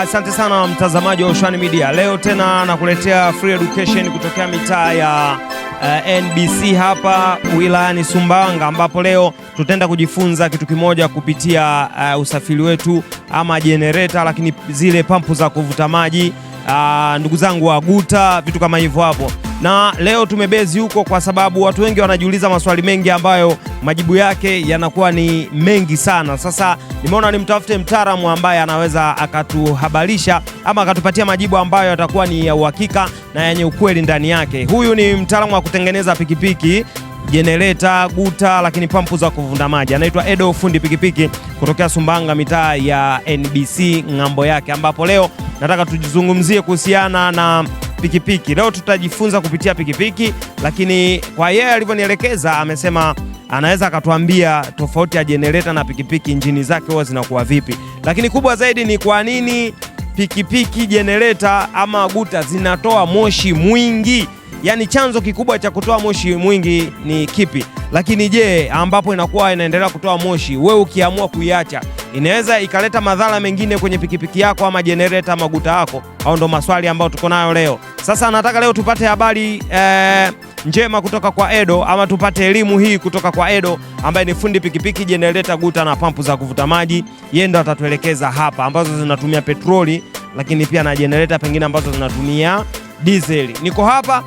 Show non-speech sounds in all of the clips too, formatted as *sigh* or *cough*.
Asante sana mtazamaji wa Ushani Media, leo tena nakuletea free education kutokea mitaa ya uh, eh, NBC hapa wilayani Sumbawanga, ambapo leo tutaenda kujifunza kitu kimoja kupitia uh, usafiri wetu ama jenereta, lakini zile pampu za kuvuta maji uh, ndugu zangu wa guta vitu kama hivyo hapo na leo tumebezi huko kwa sababu watu wengi wanajiuliza maswali mengi ambayo majibu yake yanakuwa ni mengi sana. Sasa nimeona nimtafute mtaalamu ambaye anaweza akatuhabarisha ama akatupatia majibu ambayo yatakuwa ni ya uhakika na yenye ukweli ndani yake. Huyu ni mtaalamu wa kutengeneza pikipiki jenereta, guta, lakini pampu za kuvunda maji. Anaitwa Edo fundi pikipiki kutokea sumbanga mitaa ya NBC ng'ambo yake, ambapo leo nataka tujizungumzie kuhusiana na pikipiki. Leo tutajifunza kupitia pikipiki, lakini kwa yeye alivyonielekeza, amesema anaweza akatuambia tofauti ya jenereta na pikipiki, injini zake huwa zinakuwa vipi, lakini kubwa zaidi ni kwa nini pikipiki jenereta ama guta zinatoa moshi mwingi, yaani chanzo kikubwa cha kutoa moshi mwingi ni kipi? Lakini je, ambapo inakuwa inaendelea kutoa moshi, wewe ukiamua kuiacha inaweza ikaleta madhara mengine kwenye pikipiki yako ama jenereta maguta yako, au ndo maswali ambayo tuko nayo leo. Sasa nataka leo tupate habari eh, njema kutoka kwa Edo ama tupate elimu hii kutoka kwa Edo ambaye ni fundi pikipiki, jenereta, guta na pampu za kuvuta maji. Yeye ndo atatuelekeza hapa, ambazo zinatumia petroli, lakini pia na jenereta pengine ambazo zinatumia dizeli. Niko hapa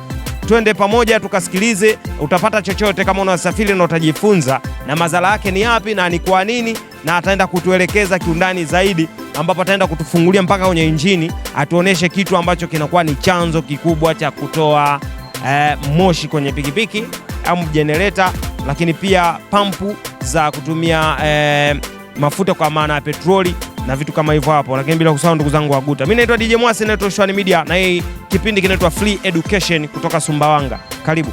twende pamoja tukasikilize, utapata chochote kama unasafiri na utajifunza, na madhara yake ni yapi na ni kwa nini, na ataenda kutuelekeza kiundani zaidi, ambapo ataenda kutufungulia mpaka kwenye injini, atuoneshe kitu ambacho kinakuwa ni chanzo kikubwa cha kutoa eh, moshi kwenye pikipiki au jenereta, lakini pia pampu za kutumia eh, mafuta kwa maana ya petroli na vitu kama hivyo hapo, lakini bila kusahau ndugu zangu waguta. Mimi naitwa DJ Mwasi, naitwa Shwani Media na hii kipindi kinaitwa Free Education kutoka Sumbawanga. Karibu.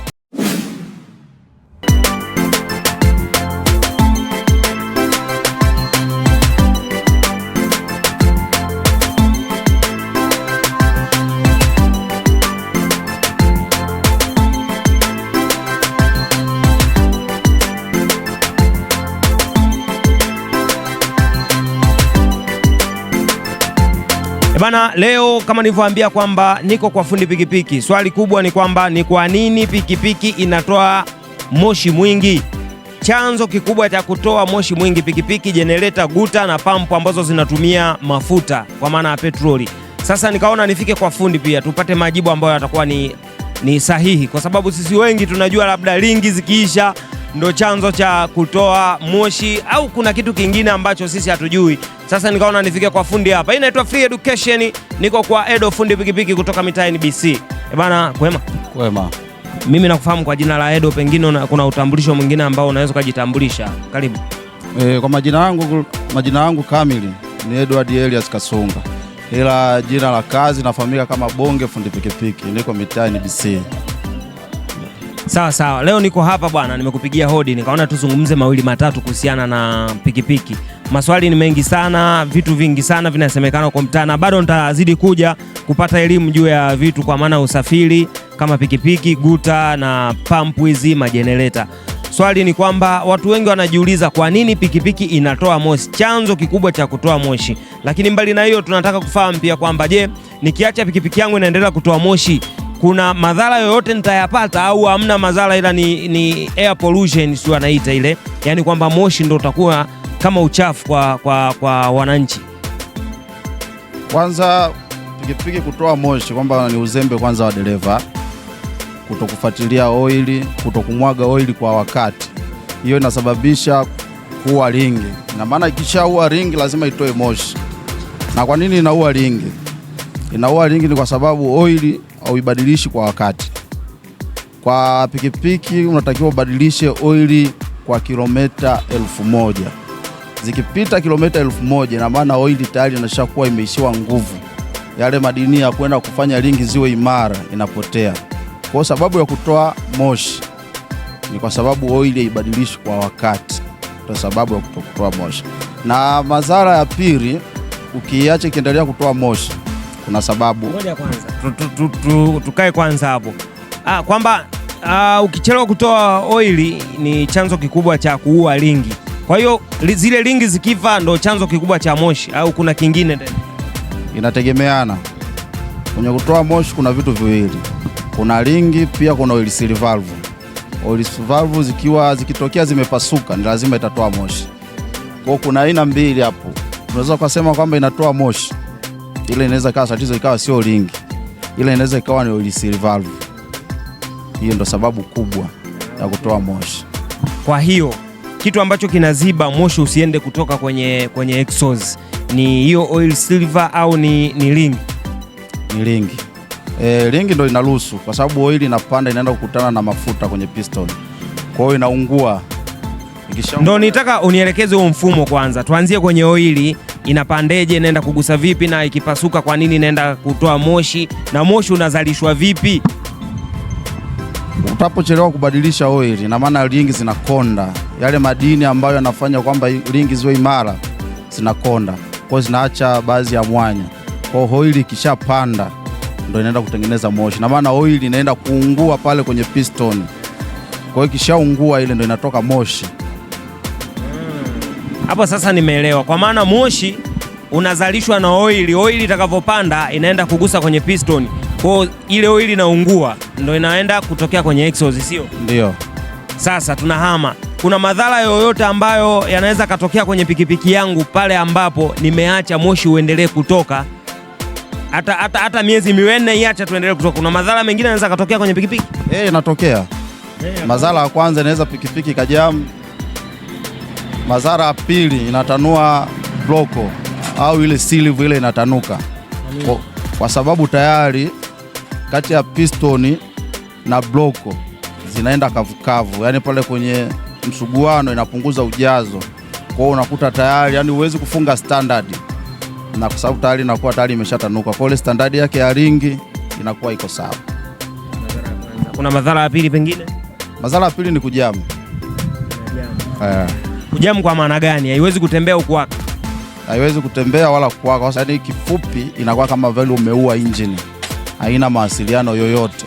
Bana, leo kama nilivyoambia kwamba niko kwa fundi pikipiki. Swali kubwa ni kwamba ni kwa nini pikipiki inatoa moshi mwingi? Chanzo kikubwa cha kutoa moshi mwingi pikipiki, jenereta, guta na pampu ambazo zinatumia mafuta kwa maana ya petroli. Sasa nikaona nifike kwa fundi pia tupate majibu ambayo yatakuwa ni, ni sahihi, kwa sababu sisi wengi tunajua labda ringi zikiisha ndo chanzo cha kutoa moshi au kuna kitu kingine ambacho sisi hatujui. Sasa nikaona nifike kwa fundi hapa. Hii inaitwa free education. Niko kwa Edo fundi pikipiki kutoka mitaa NBC. E bana, kwema? Kwema. Mimi nakufahamu kwa jina la Edo, pengine kuna utambulisho mwingine ambao unaweza ukajitambulisha. Karibu. E, kwa majina yangu majina yangu kamili ni Edward Elias Kasunga, ila jina la kazi nafahamika kama Bonge fundi pikipiki. Niko mitaa NBC. Sawa sawa, leo niko hapa bwana, nimekupigia hodi nikaona tuzungumze mawili matatu kuhusiana na pikipiki. Maswali ni mengi sana, vitu vingi sana vinasemekana kwa mtaa, na bado nitazidi kuja kupata elimu juu ya vitu, kwa maana usafiri kama pikipiki, guta na pampu hizi, majenereta. Swali ni kwamba watu wengi wanajiuliza kwa nini pikipiki inatoa moshi, chanzo kikubwa cha kutoa moshi. Lakini mbali na hiyo, tunataka kufahamu pia kwamba je, nikiacha pikipiki yangu inaendelea kutoa moshi kuna madhara yoyote nitayapata au hamna madhara, ila ni, ni air pollution sio anaita ile, yaani kwamba moshi ndo utakuwa kama uchafu kwa, kwa, kwa wananchi. Kwanza pikipiki kutoa moshi kwamba ni uzembe kwanza wa dereva, kutokufuatilia oili, kutokumwaga oili kwa wakati, hiyo inasababisha kuwa ringi, na maana ikishaua ringi lazima itoe moshi. Na kwa nini inaua ringi? Inaua ringi ni kwa sababu oili hauibadilishi kwa wakati. Kwa pikipiki unatakiwa ubadilishe oili kwa kilomita elfu moja. Zikipita kilomita elfu moja na maana oili tayari inashakuwa imeishiwa nguvu, yale madini ya kwenda kufanya ringi ziwe imara inapotea. Kwa sababu ya kutoa moshi ni kwa sababu oili haibadilishi kwa wakati, kwa sababu ya kutoa moshi. Na madhara ya pili, ukiacha ikiendelea kutoa moshi, kuna sababu moja kwanza tukae kwanza hapo ah, kwamba ah, ukichelewa kutoa oili ni chanzo kikubwa cha kuua ringi. Kwa hiyo zile ringi zikifa ndo chanzo kikubwa cha moshi au kuna kingine tena? Inategemeana. Kwenye kutoa moshi kuna vitu viwili, kuna ringi pia kuna oil seal valve. Oil seal valve zikiwa zikitokea zimepasuka ni lazima itatoa moshi. Kwa kuna aina mbili hapo, unaweza ukasema kwamba inatoa moshi ile inaweza ikawa tatizo ikawa sio ringi ila inaweza ikawa ni oil valve. Hiyo ndo sababu kubwa ya kutoa moshi. Kwa hiyo kitu ambacho kinaziba moshi usiende kutoka kwenye, kwenye exhaust ni hiyo oil silver au ni, ni ringi? Ni ringi. E, ringi ndo inaruhusu kwa sababu oil inapanda inaenda kukutana na mafuta kwenye piston, kwa hiyo inaungua. Ndo nitaka unielekeze huo mfumo kwanza, tuanzie kwenye oili inapandeje, inaenda kugusa vipi, na ikipasuka kwa nini inaenda kutoa moshi, na moshi unazalishwa vipi? Utapochelewa kubadilisha oili, na maana ringi zinakonda, yale madini ambayo yanafanya kwamba ringi ziwe imara zinakonda, kwa hiyo zinaacha baadhi ya mwanya. Kwa hiyo oili ikishapanda ndo inaenda kutengeneza moshi, na maana oili inaenda kuungua pale kwenye piston. Kwa hiyo ikishaungua ile ndo inatoka moshi. Hapo sasa nimeelewa, kwa maana moshi unazalishwa na oili, oili itakavyopanda inaenda kugusa kwenye piston, kwa ile oili inaungua ndio inaenda kutokea kwenye exhaust, sio ndio? Sasa tunahama. Kuna madhara yoyote ambayo yanaweza katokea kwenye pikipiki yangu pale ambapo nimeacha moshi uendelee kutoka hata, hata, hata miezi miwene iacha tuendelee kutoka? Kuna madhara mengine yanaweza katokea kwenye pikipiki? Eh, hey, inatokea. Hey, eh, madhara ya kwanza inaweza pikipiki kajamu Madhara ya pili inatanua bloko au ile silivu ile inatanuka kwa, kwa sababu tayari kati ya pistoni na bloko zinaenda kavukavu, yaani pale kwenye msuguano inapunguza ujazo. Kwa hiyo unakuta tayari, yani huwezi kufunga standard, na kwa sababu tayari inakuwa tayari imeshatanuka, kwa ile standard yake ya ringi inakuwa iko sawa. Kuna madhara ya pili, pengine madhara ya pili ni kujama, yeah. Kujamu kwa maana gani? Haiwezi kutembea ukuwaka, haiwezi kutembea wala kuwaka. Yaani kifupi, inakuwa kama vile umeua injini, haina mawasiliano yoyote.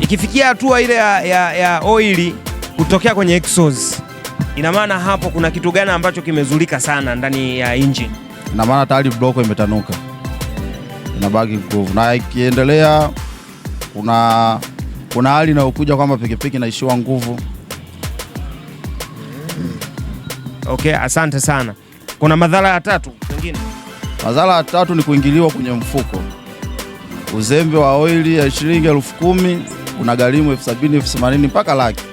Ikifikia hatua ile ya, ya, ya oili kutokea kwenye exhaust, ina maana hapo kuna kitu gani ambacho kimezulika sana ndani ya injini? Ina maana tayari bloko imetanuka, inabaki nguvu, na ikiendelea kuna kuna hali inayokuja kwamba pikipiki inaishiwa nguvu. Okay, asante sana. Kuna madhara ya tatu pengine? Madhara ya tatu ni kuingiliwa kwenye mfuko. Uzembe wa oili ya shilingi elfu kumi una gharimu elfu sabini elfu themanini mpaka laki,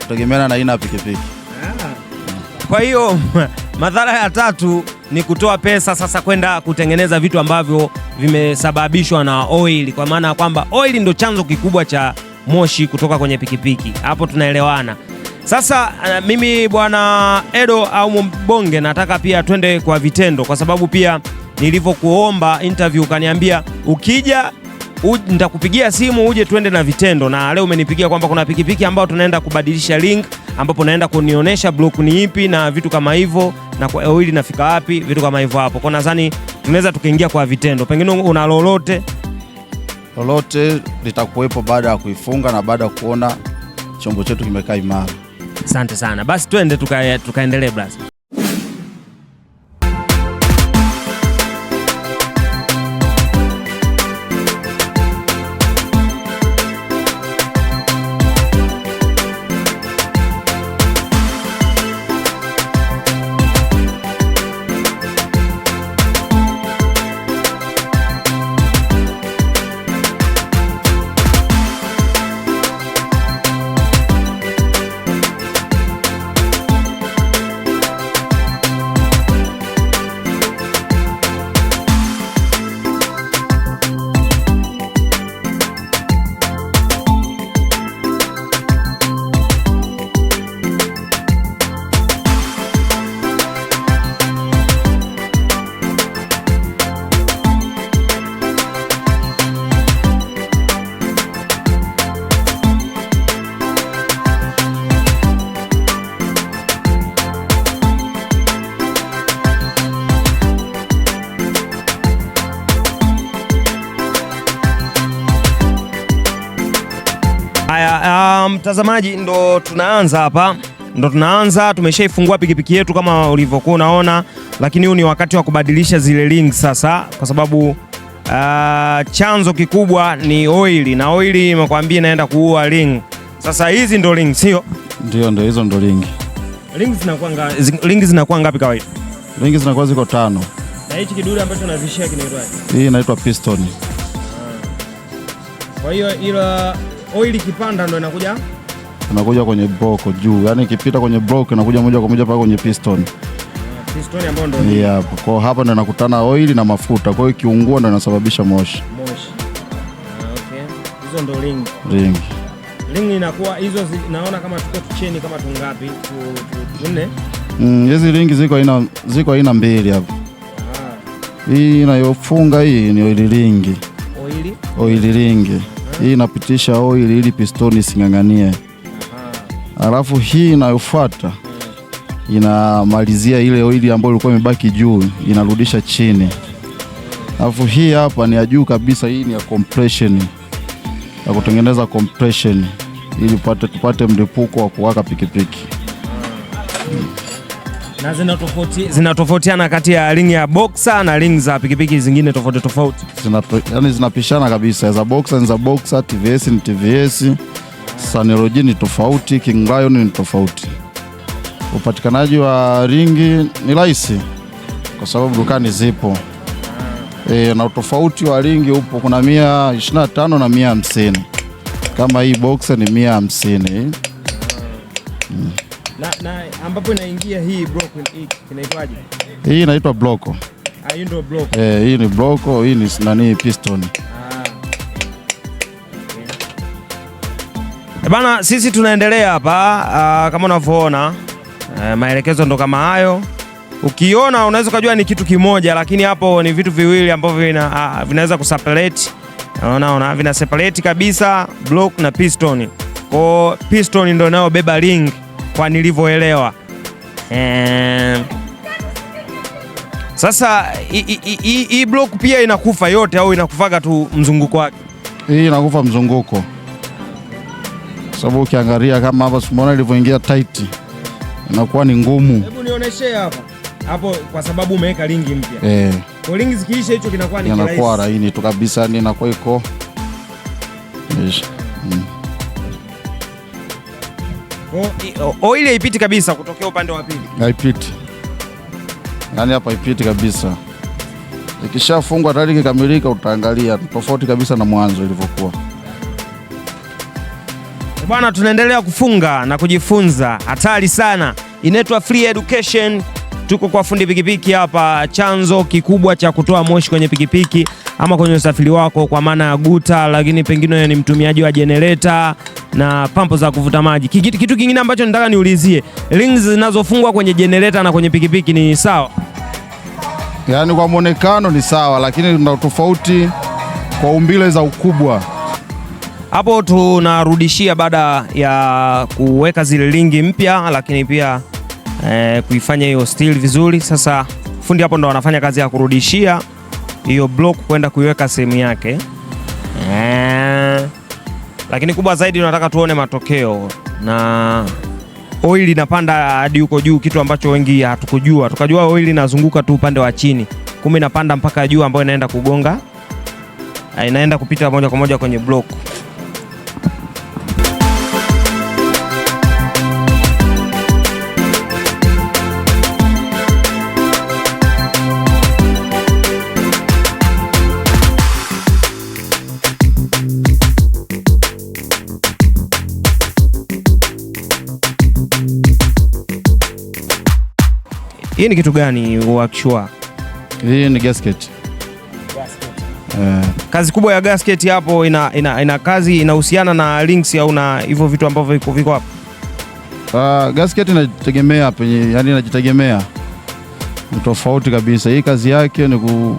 kutegemeana na aina ya pikipiki. Ah. Kwa hiyo *laughs* madhara ya tatu ni kutoa pesa sasa kwenda kutengeneza vitu ambavyo vimesababishwa na oil, kwa maana ya kwamba oil ndo chanzo kikubwa cha moshi kutoka kwenye pikipiki. Hapo tunaelewana. Sasa eh, mimi bwana Edo au Mbonge, nataka pia twende kwa vitendo, kwa sababu pia nilivyokuomba interview ukaniambia ukija nitakupigia simu uje twende na vitendo, na leo umenipigia kwamba kuna pikipiki ambayo tunaenda kubadilisha link, ambapo naenda kunionyesha block ni ipi na vitu kama hivyo, na kwa eh, oili nafika wapi, vitu kama hivyo hapo. Kwa nadhani tunaweza tukaingia kwa vitendo, pengine una lolote lolote litakuwepo baada ya kuifunga na baada ya kuona chombo chetu kimekaa imara. Asante sana. Basi twende tukaendelee tuka basi. mtazamaji, ndo tunaanza hapa, ndo tunaanza. Tumeshaifungua pikipiki yetu kama ulivyokuwa unaona, lakini huu ni wakati wa kubadilisha zile link sasa, kwa sababu uh, chanzo kikubwa ni oili na oili imekwambia inaenda kuua link. Sasa hizi ndo link, sio ndio? Ndio, hizo ndo link. Link zinakuwa ngapi kawaida? Link zinakuwa ziko tano. Na hichi kidude ambacho unavishia kinaitwa? Hii inaitwa piston. Kwa hiyo ila oil ikipanda ndo inakuja inakuja kwenye broko juu, yani ikipita kwenye broko inakuja moja kwa moja paka kwenye piston ah, piston ambayo ndo ni hapo. Kwa hapa ndo inakutana oil na mafuta, kwa hiyo ikiungua ndo inasababisha moshi moshi. Ah, Okay, hizo ndo ring ring ring inakuwa hizo, naona kama tuko tucheni kama tungapi, tu, nne. Mm, hizi ringi ziko aina ziko aina mbili hapo. Ah. Hii inayofunga hii ni oil ringi, oil oil ringi hii inapitisha oil ili pistoni ising'ang'anie. Alafu hii inayofuata inamalizia ile oili ambayo ilikuwa imebaki juu, inarudisha chini. Alafu hii hapa ni ya juu kabisa, hii ni ya compression, ya kutengeneza compression ili tupate mlipuko wa kuwaka pikipiki na zinatofautiana zina kati ya ring ya boxer na ring za pikipiki zingine tofauti tofauti, yani zinapishana kabisa. Za boxer ni za boxer, TVS ni TVS, Saneroji ni tofauti, King Lion ni tofauti. Upatikanaji wa ringi ni rahisi kwa sababu dukani zipo e, na utofauti wa ringi upo, kuna mia 25 na mia hamsini. Kama hii boxer ni mia hamsini. Mm na, na ambapo inaingia hii inaitwaje? Hii inaitwa bloko. Ah, hii ndio bloko. Eh, hii ni bloko, hii ni nani piston. Ah. Eh, bana, sisi tunaendelea hapa uh, kama unavyoona uh, maelekezo ndo kama hayo. Ukiona unaweza ukajua ni kitu kimoja, lakini hapo ni vitu viwili ambavyo vina, uh, vinaweza kuseparate. Unaona, una vina separate kabisa block na piston. Kwa piston ndio inayobeba ring kwa nilivyoelewa ehm. Sasa hii block pia inakufa yote au inakufaga tu mzunguko wake? Hii inakufa mzunguko, sababu ukiangalia kama hapa simona ilivyoingia tight inakuwa ni ngumu. Hebu nionyeshe hapa hapo, kwa sababu umeweka lingi mpya eh. Kwa lingi zikiisha hicho kinakuwa ni rahisi, inakuwa laini tu kabisa, ni yaani inakuwa iko mm. Oili haipiti kabisa kutokea upande wa pili, haipiti yaani hapa haipiti kabisa. Ikishafungwa tayari kikamilika, utaangalia tofauti kabisa na mwanzo ilivyokuwa. E bwana, tunaendelea kufunga na kujifunza, hatari sana. Inaitwa free education. Tuko kwa fundi pikipiki hapa, chanzo kikubwa cha kutoa moshi kwenye pikipiki ama kwenye usafiri wako, kwa maana ya guta, lakini pengine ni mtumiaji wa jenereta na pampo za kuvuta maji. Kitu, kitu kingine ambacho nataka niulizie, rings zinazofungwa kwenye jenereta na kwenye pikipiki ni sawa? Yaani kwa mwonekano ni sawa, lakini tuna tofauti kwa umbile za ukubwa hapo tunarudishia baada ya kuweka zile ringi mpya, lakini pia eh, kuifanya hiyo steel vizuri. Sasa fundi hapo ndo wanafanya kazi ya kurudishia hiyo block kwenda kuiweka sehemu yake eee. Eh. Lakini kubwa zaidi tunataka tuone matokeo na oil inapanda hadi huko juu, kitu ambacho wengi hatukujua. Tukajua oil inazunguka tu upande wa chini, kumbe inapanda mpaka juu, ambayo inaenda kugonga, ah, inaenda kupita moja kwa moja kwenye block. Hii ni kitu gani wakishwa? Hii ni gasket. Yeah. kazi kubwa ya gasket hapo ina, ina, ina kazi inahusiana na links au na hivyo vitu ambavyo viko viko hapo. Uh, gasket inajitegemea penye, yani inajitegemea tofauti kabisa. Hii kazi yake ni ku,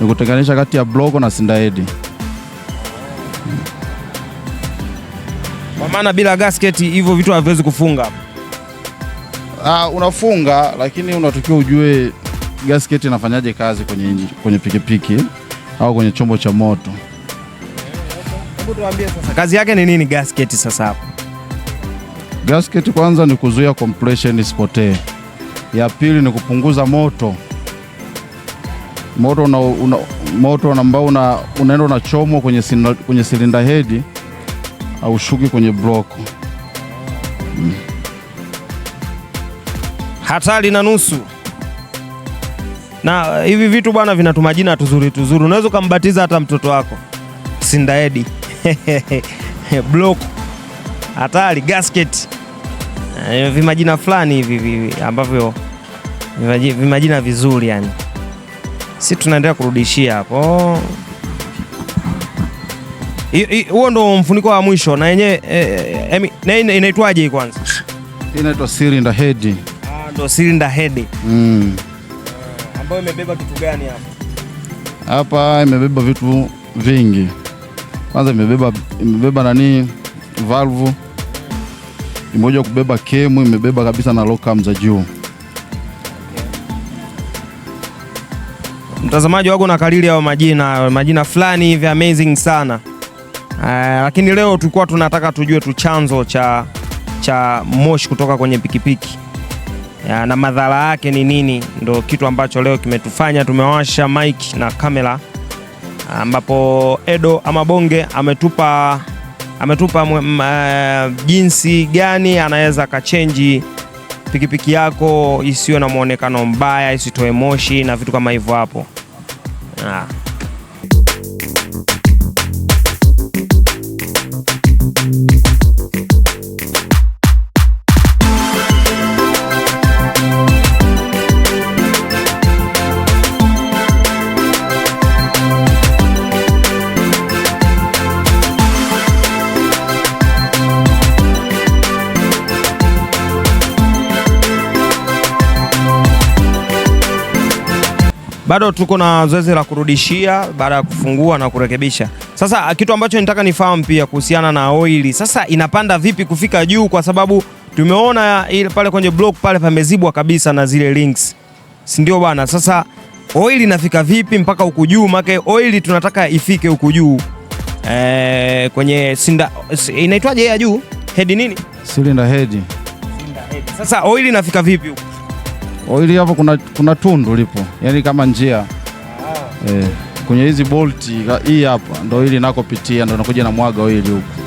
ni kutenganisha kati ya bloko na sindaedi. Kwa maana bila gasket hivyo vitu haviwezi kufunga. Uh, unafunga lakini unatakiwa ujue gasketi inafanyaje kazi kwenye, kwenye pikipiki au kwenye chombo cha moto. Kazi yake ni nini gasket sasa hapo? Gasketi kwanza ni kuzuia compression isipotee. Ya pili ni kupunguza moto moto ambao una, moto una, unaenda unachomwa kwenye, kwenye silinda hedi au shuki kwenye bloko mm hatari na nusu. Na eh, hivi vitu bwana vinatu majina tuzuri tuzuri, unaweza ukambatiza hata mtoto wako Sindaedi *laughs* block hatari gasket, eh, vimajina fulani hivi ambavyo vimajina vizuri yani. Si tunaendelea kurudishia hapo. Huo ndo mfuniko wa mwisho na yenyewe e, e, inaitwaje? Kwanza inaitwa Cylinder head inaitwa cylinder head mm. Uh, ambayo imebeba kitu gani hapa? Hapa imebeba vitu vingi. Kwanza imebeba imebeba nani valve imoja kubeba kemu, imebeba kabisa na locam za juu. Mtazamaji wako na kalili hayo majina majina fulani hivi amazing sana. Uh, lakini leo tulikuwa tunataka tujue tu chanzo cha, cha moshi kutoka kwenye pikipiki ya, na madhara yake ni nini, ndo kitu ambacho leo kimetufanya tumewasha mic na kamera, ambapo Edo ama Bonge ametupa ametupa uh, jinsi gani anaweza akachenji pikipiki yako isiwe na mwonekano mbaya, isitoe moshi na vitu kama hivyo hapo. Ah. bado tuko na zoezi la kurudishia baada ya kufungua na kurekebisha. Sasa kitu ambacho nitaka nifahamu pia kuhusiana na oili, sasa inapanda vipi kufika juu, kwa sababu tumeona ile pale kwenye block pale pamezibwa kabisa na zile links, si ndio bwana? Sasa oili inafika vipi mpaka huku juu? Make oili tunataka ifike huku juu e, kwenye sinda inaitwaje ya juu head nini, silinda head. Sasa oili inafika vipi huku ili hapo kuna, kuna tundu lipo, yani kama njia ah. eh, kwenye hizi bolti hii hapa ndo ili nakopitia ndo nakuja na mwaga oili huko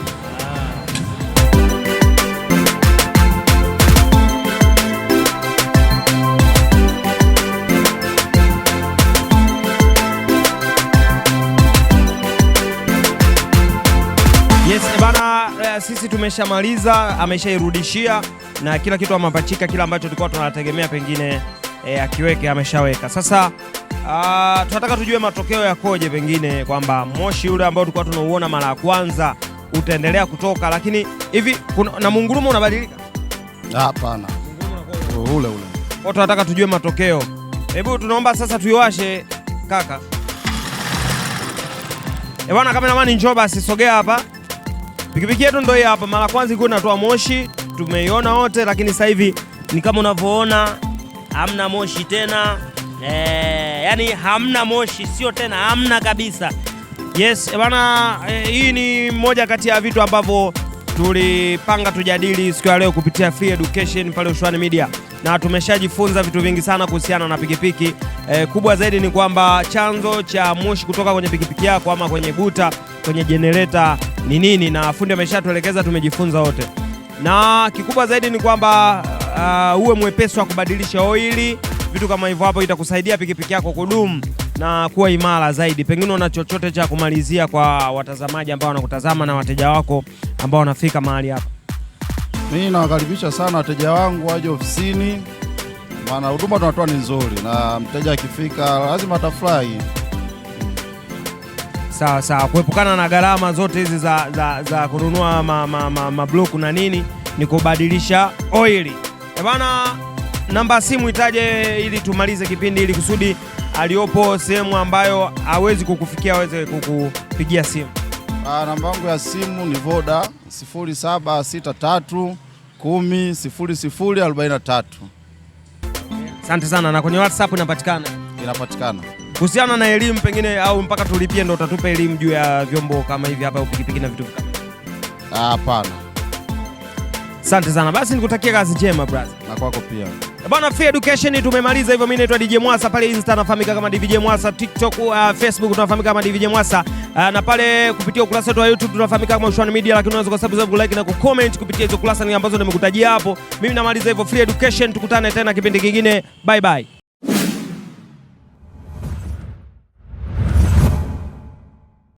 Haya, sisi tumeshamaliza, ameshairudishia na kila kitu amapachika, kila ambacho tulikuwa tunategemea pengine e, akiweke ameshaweka. Sasa a, ah, tunataka tujue matokeo yakoje, pengine kwamba moshi ule ambao tulikuwa tunauona mara ya kwanza utaendelea kutoka, lakini hivi na mungurumo unabadilika? Hapana, ule ule. Kwa tunataka tujue matokeo. Hebu tunaomba sasa tuiwashe kaka. Eh, bwana kameramani, njoo basi, sogea hapa. Pikipiki yetu ndio hapa, mara kwanza ilikuwa inatoa moshi, tumeiona wote, lakini sasa hivi ni kama unavyoona hamna moshi tena e, yani hamna moshi, sio tena, hamna kabisa. Yes bana, e, hii ni moja kati ya vitu ambavyo tulipanga tujadili siku ya leo kupitia free education pale Ushuani Media, na tumeshajifunza vitu vingi sana kuhusiana na pikipiki e, kubwa zaidi ni kwamba chanzo cha moshi kutoka kwenye pikipiki yako ama kwenye guta, kwenye jenereta ni nini, na fundi ameshatuelekeza, tumejifunza wote, na kikubwa zaidi ni kwamba uh, uwe mwepesi wa kubadilisha oili, vitu kama hivyo. Hapo itakusaidia pikipiki yako kudumu na kuwa imara zaidi. Pengine una chochote cha kumalizia kwa watazamaji ambao wanakutazama na wateja wako ambao wanafika mahali hapa? Mimi nawakaribisha sana wateja wangu waje ofisini, maana huduma tunatoa ni nzuri, na mteja akifika lazima atafurahi. Sawa sawa, kuepukana na gharama zote hizi za, za, za kununua mablok ma, ma, na nini, ni kubadilisha oili eh, bana. Namba ya simu itaje ili tumalize kipindi, ili kusudi aliyopo sehemu ambayo hawezi kukufikia aweze kukupigia simu. Ah, namba yangu ya simu ni Voda 0763 10 0043. Asante sana, na kwenye WhatsApp inapatikana inapatikana kuhusiana na elimu pengine, au mpaka tulipie ndo utatupa elimu juu ya vyombo kama hivi hapa au pikipiki na vitu vingine? Hapana. Asante sana basi, nikutakia kazi njema brother. Na kwako pia. Eh, bwana Free Education tumemaliza hivyo. Mimi naitwa DJ Mwasa, pale Insta nafahamika kama DJ Mwasa, TikTok, uh, Facebook tunafahamika kama DJ Mwasa, uh, na pale kupitia ukurasa wetu wa YouTube tunafahamika kama Ushuani Media, lakini unaweza kusubscribe, like na kucomment kupitia hizo kurasa ambazo nimekutajia hapo. Mimi namaliza hivyo Free Education, tukutane tena kipindi kingine. Bye bye.